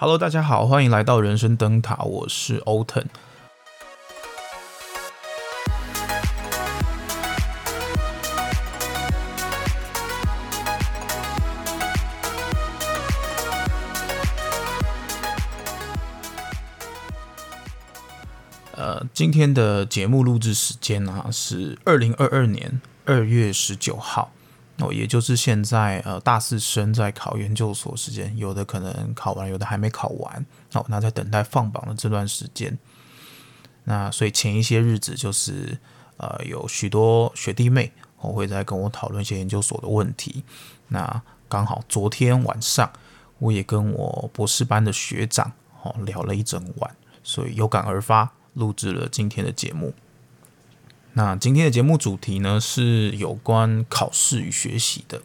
Hello，大家好，歡迎來到人生燈塔，我是 Otan。呃，今天的節目錄製時間呢、啊、是二零二二年二月十九號。哦，也就是現在，呃，大四生在考研究所時間，有的可能考完，有的還沒考完，那、哦、那在等待放榜的這段時間，那所以前一些日子就是，呃，有許多學弟妹我、哦、會在跟我討論一些研究所的問題，那剛好昨天晚上我也跟我博士班的學長哦聊了一整晚，所以有感而發，錄制了今天的節目。那今天的節目主題呢，是有關考試與學習的。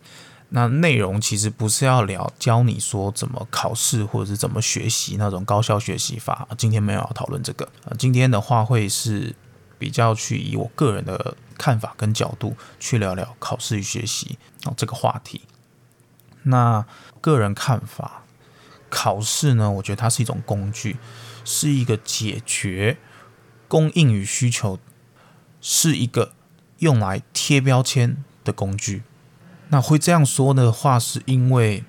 那內容其實不是要聊教你說怎麼考試或者是怎麼學習那種高效學習法，今天沒有要討論這個。今天的話會是比較去以我個人的看法跟角度去聊聊考試與學習啊這個話題。那個人看法，考試呢，我覺得它是一種工具，是一個解決供應與需求。是一個用來貼標籤的工具。那會這樣說的話，是因為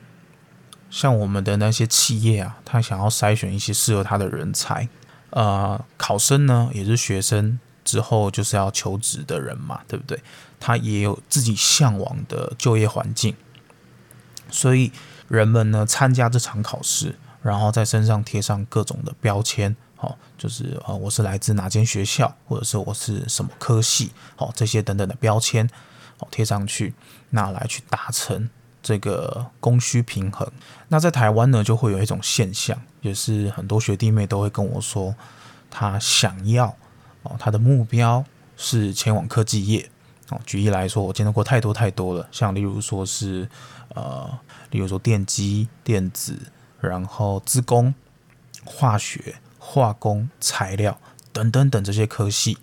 像我們的那些企業啊，他想要篩選一些適合他的人才。呃，考生呢，也是學生，之後就是要求職的人嘛，對不對？他也有自己嚮往的就業環境。所以人們呢，參加這場考試，然後在身上貼上各種的標籤。哦，就是啊、呃，我是來自哪間學校，或者是我是什麼科系？哦，這些等等的標籤，哦，貼上去，那來去達成這個供需平衡。那在台灣呢，就會有一種現象，也、就是很多學弟妹都會跟我說，他想要哦，他的目標是前往科技業。哦，舉例來說，我見到過太多太多了，像例如說是呃，例如說電機、電子，然後資工、化學。化工材料等、等等等這些科系，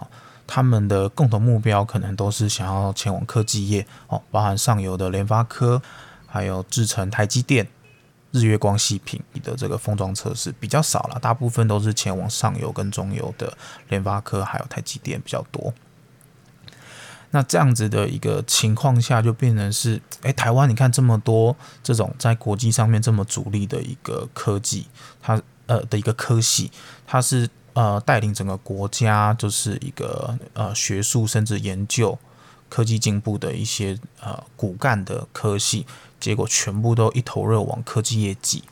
哦，他們的共同目標可能都是想要前往科技業，哦，包含上游的聯發科，還有製程台積電、日月光矽品的這個封裝測試比較少了，大部分都是前往上游跟中游的聯發科還有台積電比較多。那這樣子的一個情況下，就變成是，誒、欸，台灣，你看這麼多這種在國際上面這麼主力的一個科技，它。呃，的一個科系，它是呃帶領整個國家，就是一個呃學術甚至研究科技進步的一些呃骨幹的科系，結果全部都一頭熱往科技業界。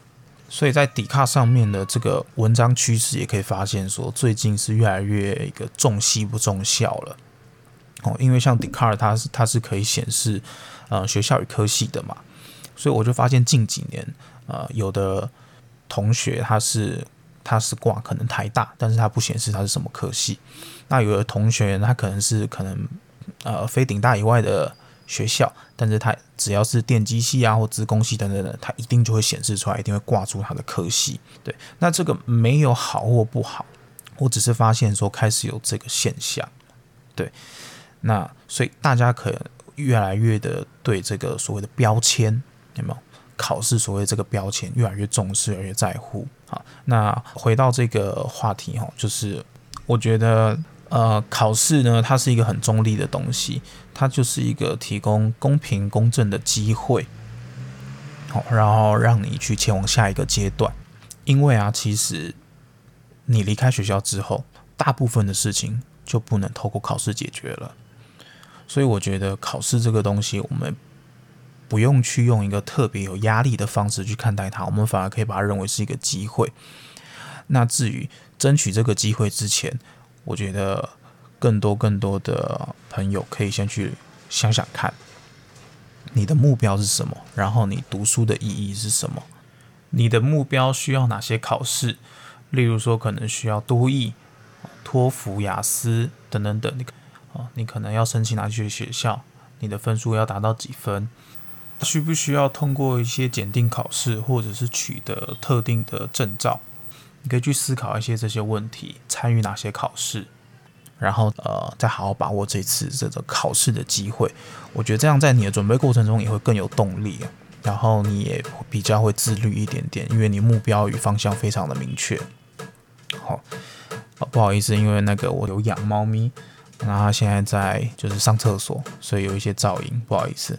所以在 D 卡上面的這個文章趨勢也可以發現說，說最近是越來越一個重系不重校了。哦，因為像 D 卡爾，它是它是可以顯示呃學校與科系的嘛，所以我就發現近幾年呃有的。同學，他是他是掛可能台大，但是他不顯示他是什麼科系。那有的同學他可能是可能呃非頂大以外的學校，但是他只要是電機系啊或資工系等等等等，他一定就會顯示出來，一定會掛住他的科系。對，那這個沒有好或不好，我只是發現說開始有這個現象。對，那所以大家可越來越的對這個所謂的標籤，有沒有？考試所謂這個標籤越來越重視，越來越在乎啊。好，那回到這個話題哈，就是我覺得呃，考試呢，它是一個很中立的東西，它就是一個提供公平公正的機會，好，然後讓你去前往下一個階段。因為啊，其實你離開學校之後，大部分的事情就不能透過考試解決了，所以我覺得考試這個東西，我們。不用去用一個特別有壓力的方式去看待它，我們反而可以把它認為是一個機會。那至於爭取這個機會之前，我覺得更多更多的朋友可以先去想想看，你的目標是什麼？然後你讀書的意義是什麼？你的目標需要哪些考試？例如說，可能需要多益、托福、雅思等等等。你你可能要申請哪些學校？你的分數要達到幾分？需不需要通過一些檢定考試，或者是取得特定的證照？你可以去思考一些這些問題，參與哪些考試，然後呃，再好好把握這次這個考試的機會。我覺得這樣在你的準備過程中也會更有動力啊，然後你也比較會自律一點點，因為你目標與方向非常的明確。好，哦，呃，不好意思，因為那個我有養貓咪，那它現在在就是上廁所，所以有一些噪音，不好意思。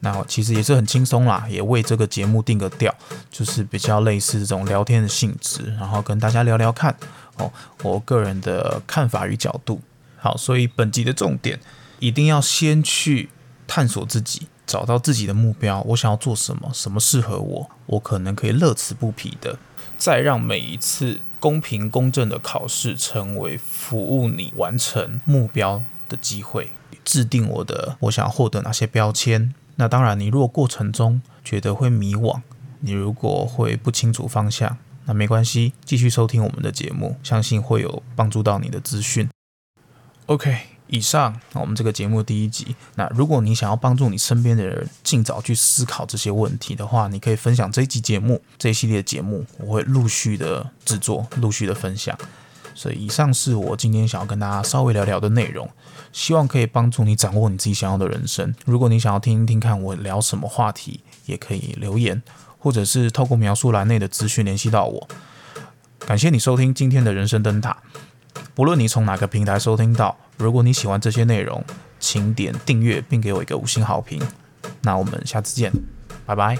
那我其實也是很輕鬆啦，也為這個節目定個調，就是比較類似這種聊天的性質，然後跟大家聊聊看，哦，我個人的看法與角度。好，所以本集的重點，一定要先去探索自己，找到自己的目標，我想要做什麼，什麼適合我，我可能可以樂此不疲的，再讓每一次公平公正的考試成為服務你完成目標的機會，制定我的我想要獲得哪些標籤。那當然，你如果過程中覺得會迷惘，你如果會不清楚方向，那沒關係，繼續收聽我們的節目，相信會有幫助到你的資訊。OK，以上，我們這個節目第一集。那如果你想要幫助你身邊的人盡早去思考這些問題的話，你可以分享這一集節目，這一系列節目，我會陸續的制作，陸續的分享。所以，以上是我今天想要跟大家稍微聊聊的內容，希望可以幫助你掌握你自己想要的人生。如果你想要聽一聽看我聊什麼話題，也可以留言，或者是透過描述欄內的資訊聯繫到我。感謝你收聽今天的人生燈塔。不論你從哪個平台收聽到，如果你喜歡這些內容，請點訂閱並給我一個五星好評。那我們下次見，拜拜。